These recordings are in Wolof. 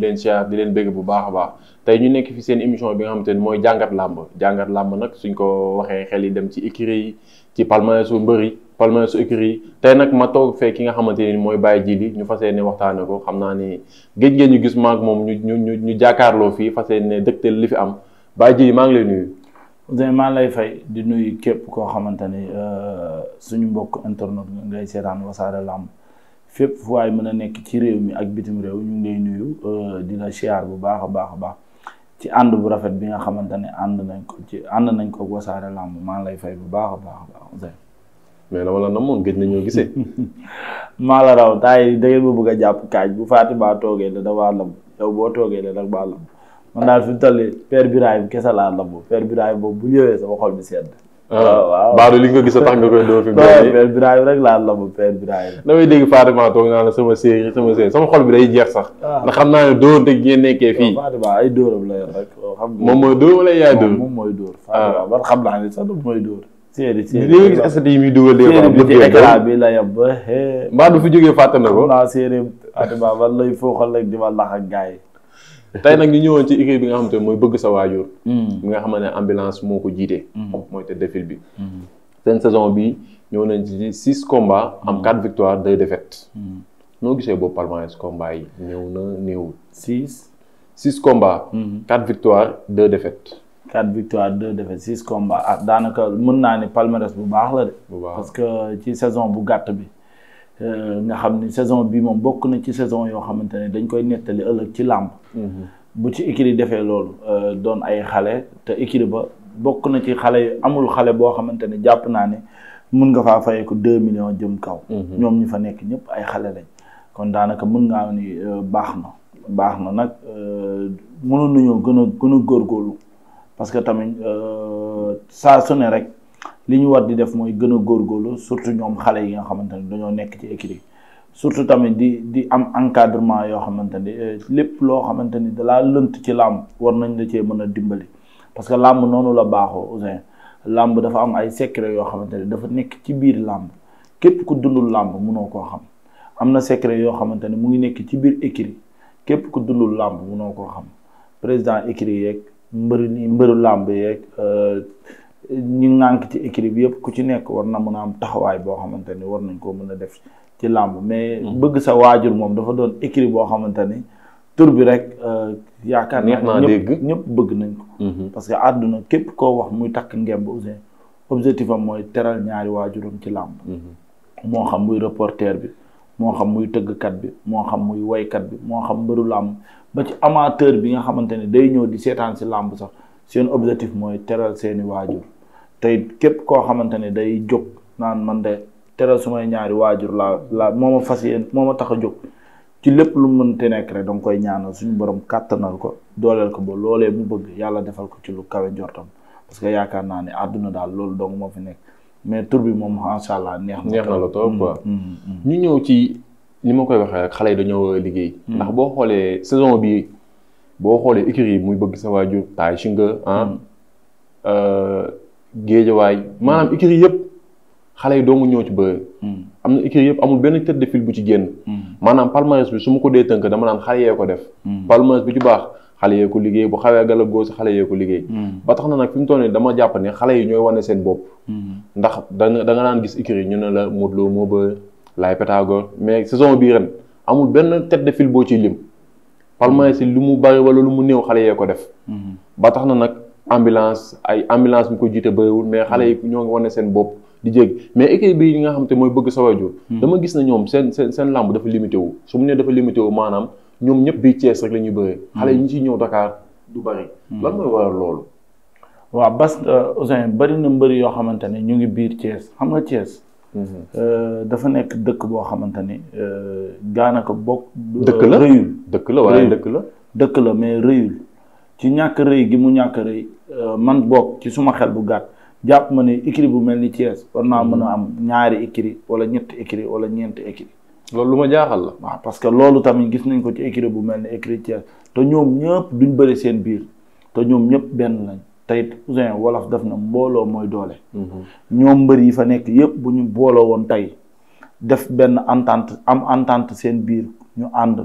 di leen siyaar di leen bëgg bu baax a baax tey ñu nekk fi seen émission bi nga xamante ni mooy jàngat làmb jàngat làmb nag suñ ko waxee xel yi dem ci écurie yi ci palmarès su mbëri yi su écurie yi tey nag ma toog fee ki nga xamante ni mooy Baye Djily ñu fas ne waxtaane ko xam naa ni géej ngeen ñu gis maag moom ñu ñu ñu ñu jàkkaarloo fii fas yéene dëgtal li fi am Baye Djily maa ngi lay nuyu. maa lay fay di nuyu képp koo xamante ni euh, suñu mbokk internet ngay seetaan làmb fépp fu waay mën a nekk ci réew mi ak bitim réew ñu ngi lay nuyu euh, dina la siyaar bu baax a baax a baax ci ànd bu rafet bi nga xamante ne ànd nañ ko ci ànd nañ ko wasaare làmb maa lay fay bu baax a baax mais dama la namoon gëj nañoo gisee. maa la raw taay da ngeen ma bëgg a jàpp kaaj bu faati baa toogee da dafaa lamb yow boo toogee da dafaa lamb man daal fi mu toll nii père Birahim kese laa lamb père Birahim boobu bu ñëwee sama xol bi sedd. Ah, oh, waaw Baadu li nga gis a tax nga koy dóor fi. père Birahim rek laa lomb père Birahim. damay dégg Fatima toog naa la sama séeri sama séeri sama xol bi day jeex sax. Ah. ndax xam naa ne dóor te ngeen nekkee fii. Oh, ay dóoram la yor oh, moom mooy dóor wala yaay dóor moom mooy dóor. Fatima ah. man xam naa ne sax du mooy dóor. séeri séeri li nga gis yi muy dugal. séeri bi ci écran bi la yem ba. mbaa fi jógee fàtte ko. xam naa séeri Fatima man lay foo xol rek di ma lax ak gars yi tey nag ñu ñëwoon ci équipe bi nga xam ne mooy bëgg sa waajur. bi hmm. nga xamante ne ambulance moo ko jiite. Hmm. mooy te défil bi. Hmm. seen saison bi ñëw nañ ci six combats am quatre victoires deux défaites. noo gisee boobu palmarès combat yi na néewul. six six combats. quatre victoires deux défaites. quatre victoires deux défaites six combats ah daanaka mën naa ne palmarès bu baax la de. bu baax parce que ci saison bu gàtt bi. Euh, nga xam ni saison bi moom bokk na ci saison yoo xamante ne dañ koy nettali ëllëg ci làmb mhm. bu ci écurie defee loolu euh, doon ay xale te écurie ba bokk na ci xale amul xale boo xamante ne jàpp naa ne mun nga faa fayee ko deux millions jëm kaw mhm. ñoom ñu fa nekk ñëpp ay xale lañ kon daanaka mun nga am euh, baax na baax na nag mënoon nañoo gën a gën a góorlu parce que tamit saa su ne rek li ñu war di def mooy gën a góorgóorlu surtout ñoom xale yi nga xamante ne dañoo nekk ci écurie surtout tamit di di am encadrement yoo xamante ni euh, lépp loo xamante ni dalaa lënt ci làmb war nañ la cee mën a dimbali parce que làmb noonu la baaxoo Ouzin làmb dafa am ay secret yoo xamante ni dafa nekk ci biir làmb képp ku dundul làmb munoo koo xam am na secret yoo xamante ni mu ngi nekk ci biir écurie képp ku dundul làmb munoo koo xam président écurie yeeg mbëru mbëru làmb yeeg euh, ñi ŋànk ci écrit bi yëpp ku ci nekk war na mën a am taxawaay boo xamante ni war nañ koo mën a def ci làmb mais mm-hmm. bëgg sa waajur moom dafa doon écrit boo xamante ni tur bi rek euh, yaakaar naa ñëpp ñëpp bëgg nañ ko mm-hmm. parce que àdduna képp koo wax muy takk ngemb aussi objectif am mooy teral ñaari waajuram ci làmb mm-hmm. moo xam muy reporter bi moo xam muy tëggkat bi moo xam muy waykat bi moo xam mbëru làmb ba ci amateur bi nga xamante ne day ñëw di seetaan si làmb sax seen objectif mooy teral seeni waajur tey képp koo xamante ne day jóg naan man de teral sumay ñaari waajur laa laa moo ma fas yéen moo ma tax a jóg ci lépp lu mën te nekk rek danga koy ñaanal suñu borom kàttanal ko dooleel ko ba loolee mu bëgg yàlla defal ko ci lu kawe njortam parce que yaakaar naa ne àdduna daal loolu dong moo fi nekk mais tur bi moom macha allah neex na. neex na la trop quoi. Mm, mm, mm, ñu ñëw ci li ma koy waxee rek xale yi dañoo liggéey. ndax boo xoolee écurie yi muy bëgg sa waajur taay si nga ah mm. euh, géejawaay maanaam mm. écurie yëpp xale yi doomu ñëw ci bëre mm. am na écurie yëpp amul benn tête de bu ci génn maanaam palmarès bi su ma ko dee tënk dama daan xale yee ko def palmarès bi ci baax xale yee ko liggéey bu xawee gala góos xale yee ko liggéey ba tax na nag fi mu toll nii dama jàpp ne xale yi ñooy wane seen bopp ndax da da nga naan gis écurie ñu ne la Modou moo bëre laay Pythagore mais saison bii ren amul benn tête de boo ciy lim palmarès yi lu mu bari wala lu mu néew xale yee ko def. Mhm. ba tax na nag ambulance ay ambulance mu ko jiite bariwul mais xale yi ñoo ngi wane seen bopp di jéggi mais équipe bi yi nga xam te mooy bëgg sa waajur mhm. dama gis na ñoom seen seen seen làmb dafa limité wu su mu nee dafa limité wu maanaam ñoom ñëpp bii Thiès rek la ñuy mhm. xale yi ñu ciy ñëw Dakar du bari. ba mooy waral loolu. waaw Bas euh, Ousin bari na mbëri yoo xamante ne ñu ngi biir Thiès xam na Thiès. Euh, dafa nekk dëkk boo xamante ni euh, daanaka bokk. dëkk la rëyul dëkk la waaye dëkk la. dëkk la mais rëyul ci ñàkk rëy gi mu ñàkk rëy euh, man bokk ci suma xel bu gàtt jàpp ma ne écurie bu mel ni Thiès war naa mën a am ñaari écurie wala ñetti écurie wala ñeenti écurie. loolu lu ma jaaxal la. waaw parce que loolu tamit gis nañ ko ci écurie bu mel ni écurie Thiès te ñoom ñëpp duñ bëri seen biir te ñoom ñëpp benn lañ. teyit Ousin wolof def na mbooloo mooy doole mhm. ñoom mbër yi fa nekk yëpp bu ñu booloo woon tey def benn entente am entente seen biir ñu ànd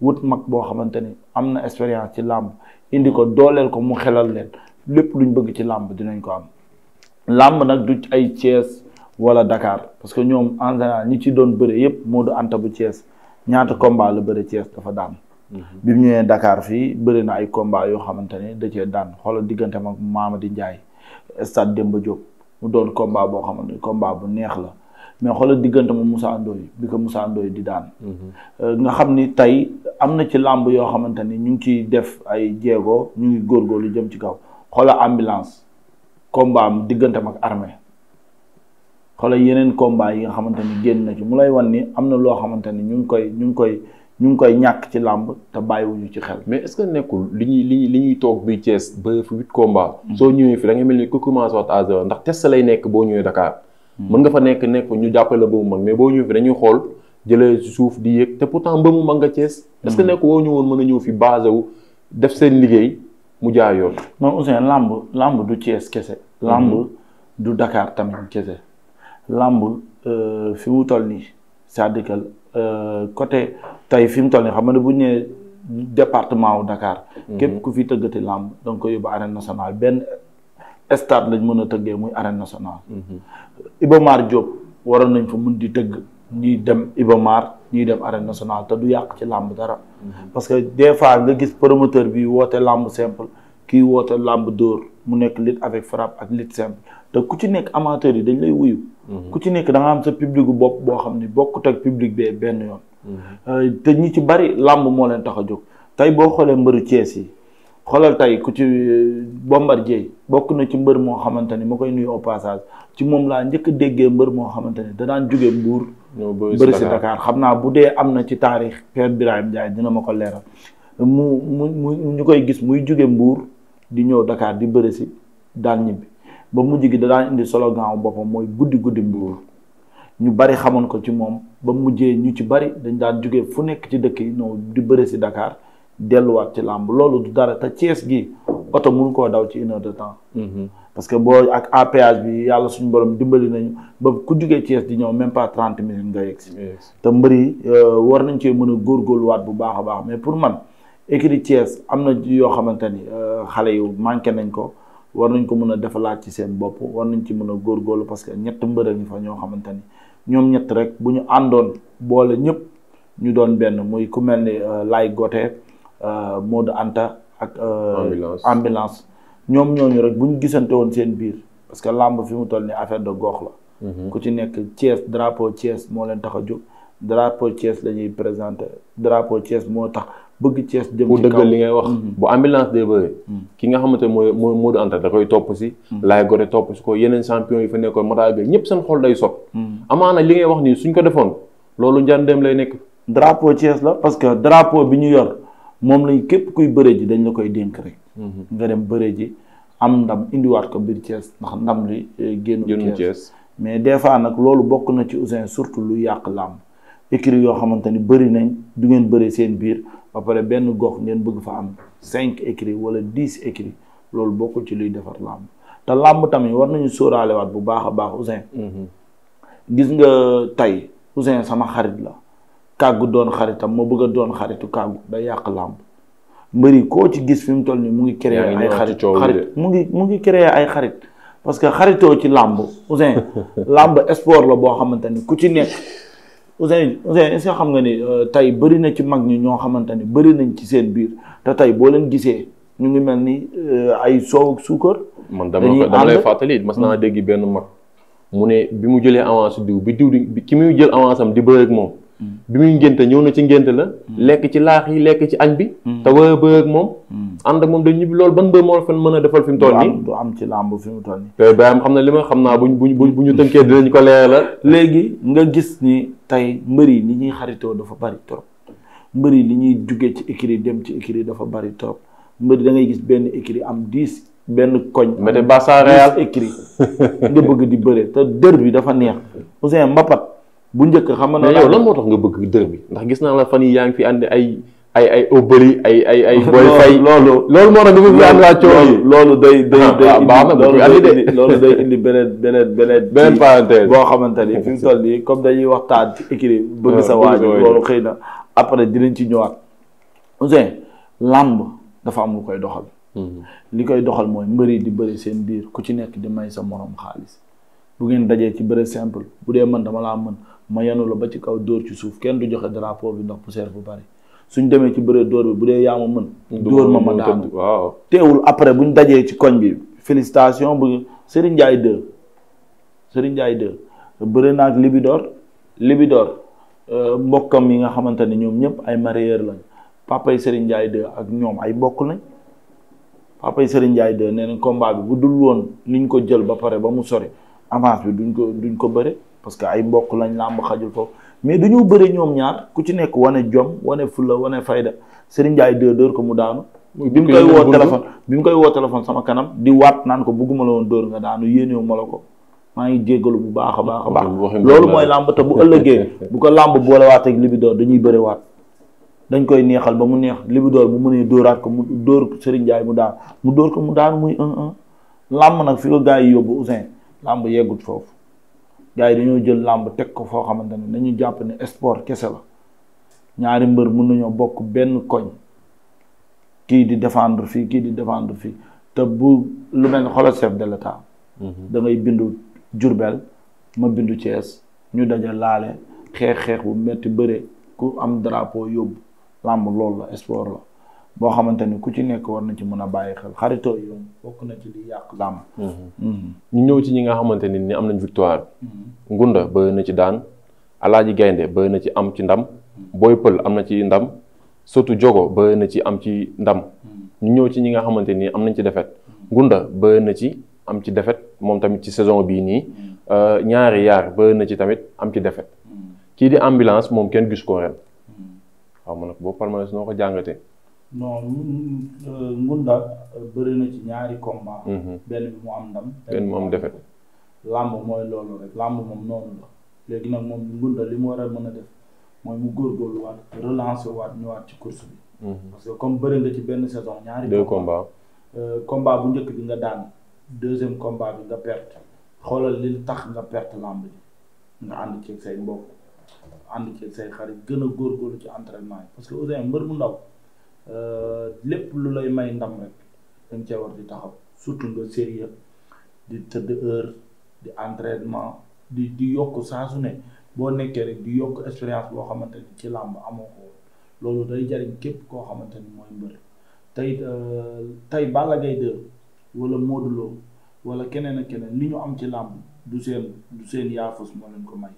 wut mag boo xamante ni am na expérience ci làmb indi ko dooleel ko mu xelal leen lépp lu luñ bëgg ci làmb dinañ ko am làmb nag du ay Thiès wala dakaar parce que ñoom en général ñi ci doon bëre yëpp moo du anta bu Thiès ñaata combat la bëre Thiès dafa daan bi mu ñëwee dakaar fii bëri na ay combat yoo xamante ne da cee daan xoolal diggante mag Mamadi Ndiaye stade Demba Diop mu doon combat boo xamante ne combat bu neex la mais xoolal diggante mu Moussa Ndoye bi ko Moussa Ndoye di daan. Mhm. Euh, nga xam ni tey am na ci làmb yoo xamante ni ñu ngi ciy def ay jéego ñu ngi góorgóorlu jëm ci kaw xoolal ambulance combat diggante mag armée xoolal yeneen komba yi nga xamante ni génn na ci mu lay wan ni am na loo xamante ni ñu ngi koy ñu ngi koy. ñu ngi koy ñàkk ci làmb te bàyyiwuñu ci xel. mais est-ce que nekkul li ñuy li li ñuy toog bi Thiès ba fi huit combats. soo ñëwee fi da nga mel ni ku commencé waat à ndax test lay nekk boo ñëwee Dakar. Hmm. mën nga fa nekk nekk ñu jàppale la ba mu mag boo ñëwee dañuy xool jëlee suuf di yéeg te pourtant ba mu mag nga Thiès. Hmm. est que nekk woo ñu woon mën a ñëw fi basé wu def seen liggéey mu jaay yoon. non Ousseyn làmb làmb du Thiès kese. Hmm. làmb du dakaar tamit kese. làmb euh, fi mu toll nii cest à Euh, côté tey fi mu toll nii xam nga ne bu ñu nee département wu Dakar. Mhm. képp ku fi tëggati làmb da nga koy yóbbu arène nationale benn stade lañ mën a tëggee muy arène nationale. Mhm. Iba Mar Diop waroon nañ fa mun di tëgg ñuy dem Iba Mar ñuy dem arène nationale te du yàq ci làmb dara. Mhm. parce que des fois nga gis promoteur bi woote làmb simple kii woote làmb dóor mu nekk lutte avec frappe ak lutte simple. te ku ci nekk amateur yi dañ lay wuyu. Mhm. ku ci nekk da nga am sa public bopp boo xam ni bokkut ak public benn yoon. Mhm. Euh, te ñi ci bari làmb moo leen tax a jóg tey boo xoolee mbëru Cees yi xoolal tey ku ci euh, Bombardier bokk na ci mbër moo xamante ni ma koy nuyu au ci moom laa njëkk déggee mbër moo xamante ni da daan jóge Mbuur bëri si xam naa bu dee am na ci taarix Père Birahim Ndiaye dina ma ko leeral mu mu mu ñu koy gis muy jóge Mbuur di ñëw Dakar di bëri si daan ba mujj gi da daan indi slogan boppam mooy guddi guddi mbuur ñu bari xamoon ko ci moom ba mujjee ñu ci bari dañ daan jóge fu nekk ci dëkk yi ñëw di bëre si Dakar delluwaat ci làmb loolu du dara te Thiès gi oto mun koo daw ci une de temps. Mhm. parce que boo ak APH bi yàlla suñu borom dimbali nañu ba ku jugee Thiès di ñëw même pas trente minutes nga yegg si. te mbëri yi euh, war nañ cee mën a góor góorgóorluwaat bu baax a baax mais pour man écurie Thiès am na yoo xamante ni euh, xale yu manqué nañ ko. war nañ ko mën a defalaat ci seen bopp war nañ ci mën a góorgóorlu parce que ñett mbër fa ñoo xamante ni ñoom ñett rek bu ñu àndoon boole ñëpp ñu doon benn muy ku mel ni euh, Laay Gote euh, Modou Anta ak. Euh, ambulance ñoom ñooñu rek bu ñu gisante woon seen biir parce que làmb fi mu toll ni affaire de gox la. Mhm. ku ci nekk Thiès drapeau Thiès moo leen tax a jóg drapeau Thiès la ñuy présenté drapeau Thiès moo tax. bëgg cees jëm pour dëggal li ngay wax mm-hmm. bu ambulance day bëre mm-hmm. ki nga xamante mooy mooy Modou Anta da koy topp si mm-hmm. laay gore topp si ko yeneen champion yi fa nekkoon Mata Gueye ñëpp seen xol day sot amaana li ngay wax nii suñ ko defoon loolu njàndeem lay nekk drapeau Thiès la parce que drapeau bi ñu yor moom lañ képp kuy bëre ji dañ la koy dénk rek nga dem bëre ji am ndam indiwaat ko biir Thiès ndax ndam li eh, génnu Thiès mais des fois nag loolu bokk na ci Ouzin surtout lu yàq làmb écurie yoo xamante ni bëri nañ du ngeen bëri seen biir ba pare benn gox ngeen bëgg fa am cinq écuries wala dix écuries loolu bokkul ci luy defar làmb te làmb tamit war nañu sóoraale waat bu baax a baax Ouzin mhm. gis nga tey Ouzin sama xarit la kàggu doon xaritam ma bëgg a doon xaritu kàggu day yàq làmb mbëri koo ci gis fi mu toll nii mu ngi créé ay xarit xarit mu ngi mu ngi créé ay xarit parce que xaritoo ci làmb Ouzin làmb sport la boo xamante ni ku ci nekk Ousseyn Ousseyn est-ce que xam nga ni euh, tey bëri na ci mag ñi ñoo xamante ni bëri nañ ci seen biir te tey boo leen gisee ñu ngi mel ni euh, ay soow ak suukar. man dama dama lay fàttali mas naa hmm. dégg benn mag mu ne bi mu jëlee avance diw bi diw di ki muy jël avance am di bëre moom. bi muy ngénte ñëw na ci ngénte la lekk ci laax yi lekk ci añ bi mm. te war a ak moom mm. ànd ak moom dañ ñibbi loolu ban mbër moo fan mën a defal fi mu toll nii du am ci làmb fi mu toll baayam xam na li ma xam naa buñ buñ bu ñu tënkee dinañ ko leeral la léegi nga gis ni tey mbër yi ni ñuy xaritoo dafa bari trop mbër yi li ñuy jugee ci écurie dem ci écurie dafa bari trop mbër dangay gis benn écurie am dix benn koñ mais de Barça nga bëgg di bëre te dër bi dafa neex Ousseyn bu njëkk xam nga. mais yow lan moo tax nga bëgg dërëm bi ndax gis naa la fan yi yaa ngi fi ànd ay ay ay au ay ay ay. booy fay loolu loolu moo tax nga bëgg ànd waa coow yi loolu ah, ah, day indi loolu day indi beneen beneen beneen. boo xamante ni fi mu toll nii comme dañuy waxtaan ci écrit bëgg sa ah, waaj loolu xëy na après dinañ ci ñëwaat. Ousseyn làmb dafa am lu koy doxal. Mhm. li koy doxal mooy mbëri di bëri seen biir ku ci nekk di may sa morom xaalis bu ngeen dajee ci bëri simple bu dee mën dama laa mën ma yenu la ba ci kaw dóor ci suuf kenn du joxe drapeau bi ndax poussière bu bari suñ demee ci bëree dóor bi bu dee yaa ma mën dóor ma ma daanu teewul après bu buñ dajee ci koñ bi félicitation bu Serigne Ndiaye 2 Serigne Ndiaye 2 bëri na ak Libidor Libidor euh, mbokkam yi nga xamante ne ñoom ñëpp ay marier lañ papa yi Serigne Ndiaye 2 ak ñoom ay mbokk lañ papa yi Serigne Ndiaye 2 nee nañ combat bi bu dul woon liñ ko jël ba pare ba mu sori avance bi duñ ko duñ ko bëre parce que ay mbokk lañ làmb xajul foofu mais du dañoo bëri ñoom ñaar ku ci nekk wane jom wane fulla wane fayda Serigne Ndiaye dóor dóor ko mu daanu. bi mu koy woo téléphone bi mu koy woo téléphone sama kanam di waat naan ko bugguma la woon dóor nga daanu yéenewu ma la ko maa ngi jéggalu bu baax a baax a baax. loolu mooy làmb te bu ëllëgee bu ko làmb boolewaat ak libidoor dañuy bëri waat. dañ koy neexal ba mu neex libidoor bu mënee dóoraat ko mu dóor Serigne mu daan mu dóor ko mu daan muy làmb nag fi ko yi yóbbu Ousseyn làmb yeggut foofu. gars yi dañoo jël làmb teg ko foo xamante ne nañu jàpp ne sport kese la ñaari mbër mun nañoo bokk benn koñ kii di défendre fii kii di défendre fii te bu lu mel ne xoolal chef de mhm. bindu Jurbel ma bindu Thiès ñu daja laale xeex-xeex bu metti bëre ku am drapeau yóbbu làmb loolu la sport la boo xamante ni ku ci nekk war na ci mën a bàyyi xel xaritoo yi bokk na ci li yàq làmb mm-hmm. Mm-hmm. ñu ñëw ci ñi nga xamante ni ni am nañ victoire mm-hmm. ngunda bëri na ci daan alaaji gaynde bëri na ci am ci ndam booy am na ci ndam surtout jogo bëri ci am ci ndam ñu ñëw ci ñi nga xamante ni am nañ ci defet ngunda bëri na ci am ci defet moom tamit ci saison bii nii euh, ñaari yaar bëri na ci tamit am ci defet kii di ambulance moom kenn gis ko ren waaw man nag boo palmarès noo ko jàngatee non ñun euh, Ngunda euh, bëri na ci ñaari combat. Mhm. benn bi mu am ndam. benn mu am défaite. làmb mooy loolu rek làmb moom noonu la léegi nag moom Ngunda li mu war a mën a def mooy mu góor góorgóorluwaat relancer waat ñëwaat ci course bi. Mhm. parce que comme bëri ci benn saison ñaari. deux combats euh, combat bu njëkk bi nga daan deuxième comba bi nga perte xoolal li tax nga perte làmb ji nga ànd ceeg say mbokk ànd ceeg say xarit gën a góor góorgóorlu ci entraînement yi parce que Ouzin mbër mu Euh, lépp lu lay may ndam rek dañ cee di taxaw surtout nga sérieux di tëdd heure di entraînement di di yokk saa su ne boo nekkee rek di yokk expérience boo xamante ni ci làmb amoo ko loolu day jariñ képp koo xamante ni mooy mbër tey euh, tey Balla Gaye 2 wala Modou Lo wala keneen ak keneen li ñu am ci làmb du seen du seen yaafus moo leen ko may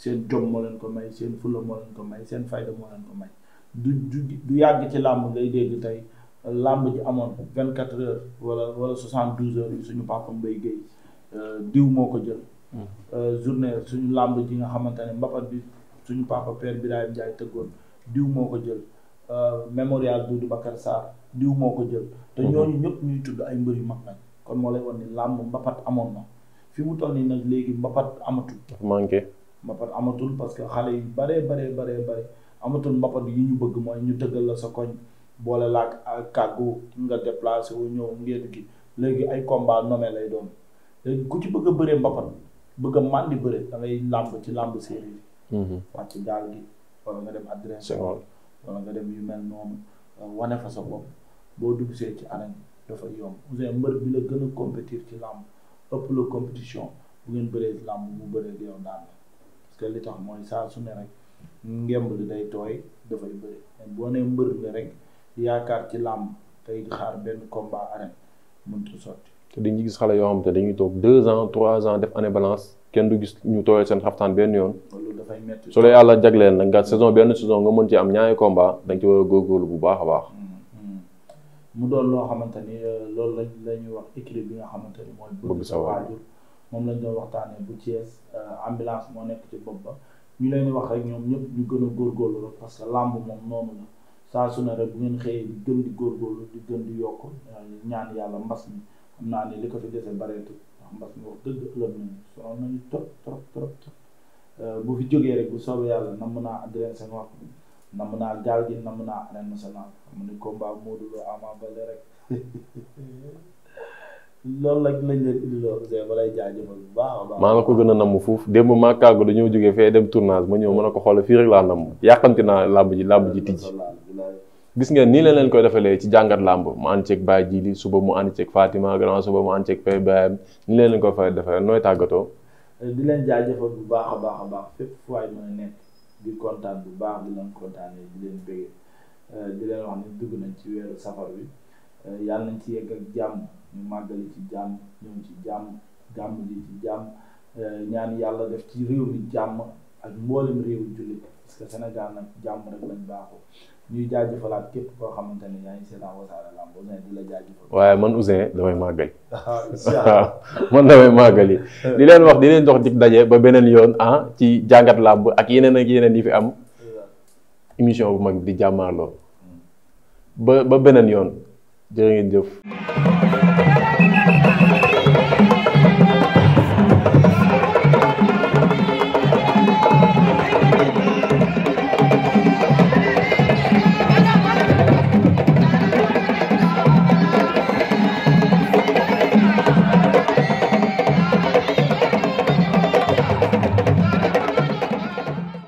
seen jom moo leen ko may seen fulla moo leen ko may seen fayda moo leen ko may du du du yàgg ci làmb ngay dégg tey làmb ji amoon vingt quatre heures wala wala soixante douze heures yi suñu papa Mbaye Guèye euh, diw moo ko jël. Hmm. Euh, journée suñu làmb ji nga xamante ne mbapat bi suñu papa bi Birahim jaay tëggoon diw moo ko jël. Euh, mémorial du Bakar Sarr diw moo ko jël. te hmm. ñooñu ñëpp ñuy tudd ay mbër yu mag nañ kon moo lay wan ni làmb mbapat amoon na fi mu toll nii nag léegi mbapat amatul. manqué mbapat amatul parce que xale yi baree baree baree baree. amatul mbappat yi ñu bëgg mooy ñu tëggal la sa koñ boole laak kàggu nga déplacé wu ñëw ngeen gi léegi ay combat nommé lay doom ku ci bëgg bëree mbappat bëgg a màndi bëre da ngay làmb ci làmb séeréer ci mhm. gaal gi wala nga dem adresse wala nga dem yu mel noonu euh, wane fa sa bopp boo duggsee ci arène dafa yomb Ouzin mbër bi la gën a compétir ci làmb ëpp la compétition bu ngeen bëree làmb bu bëree di yow daan parce que li tax mooy saa su ne rek ngemb li day tooy dafay bëri boo nee mbër nga rek yaakaar ci làmb tey xaar benn combat arène mënut a sotti. te gis xale yoo xam te dañuy toog deux ans trois ans def année balance kenn du gis ñu tooyal seen xaftaan benn yoon. loolu dafay métti. su la yàlla jagleel nag nga saison benn saison nga mën ci am ñaari combat da ci war a góorgóorlu bu baax a baax. Mm, mm. mu doon loo xamante ni euh, loolu lañ la ñuy wax équilibre bi nga xamante ni mooy. bëgg sa waajur moom lañ doon waxtaanee bu Thiès euh, ambulance moo nekk ci bopp ba. ñu leen di wax rek ñoom ñëpp ñu gën a góorgóorlu rek parce que làmb moom noonu la saa su ne bu ngeen xëyee di gën di góorgóorlu di gën di yokk ñaan yàlla mbas mi xam naa ne li ko fi dese bareetu wax mbas mi wax dëgg ëllëg nañu sonal nañu trop trop trop euh, bu fi jógee rek bu soobee yàlla namm naa Adrien seen wax namm naa gaal gi namm naa arène nationale xam ni combat Modou Lo Ama Baldé rek loolu nag lañ leen indi loolu ma lay jaajëfal bu baax a baax. maa la ko gën a namm fuuf démb maa kàggu dañoo jógee fee dem tournage ma ñëw mën a ko xool fii rek laa namm yàqanti naa làmb ji làmb ji tijji gis ngeen nii leen leen koy defalee ci jàngat làmb mu ànd ceeg Baye Djili suba mu ànd ceeg Fatima grand suba mu ànd ceeg Pay Baye nii leen leen koy fay defalee nooy tàggatoo. di leen jaajëfal bu baax a baax a baax fépp fu waay mën a nekk di kontaan bu baax di leen kontaanee di leen bëggee di leen wax ni dugg nañ ci weeru safar bi Euh, yàlla nañ ci yegg ak jàmm ñu màggali ci jàmm ñëw ci jàmm gàmm ji ci jàmm euh, ñaan yàlla def ci réew mi jàmm ak mboolem réew jullit parce que Sénégal nag jàmm rek lañ baaxoo ñuy jaajëfalaat képp koo xamante ne yaa ngi seetaan Wassare Lamb Ouzin di la jaajëfal. waaye man Ouzin damay màggali. waaw man damay màggali di leen wax di leen dox dig daje ba beneen yoon ah ci jàngat làmb ak yeneen ak yeneen yi fi am émission bu mag di jàmmaarloo mm. ba ba beneen yoon. jërë ngeen jëf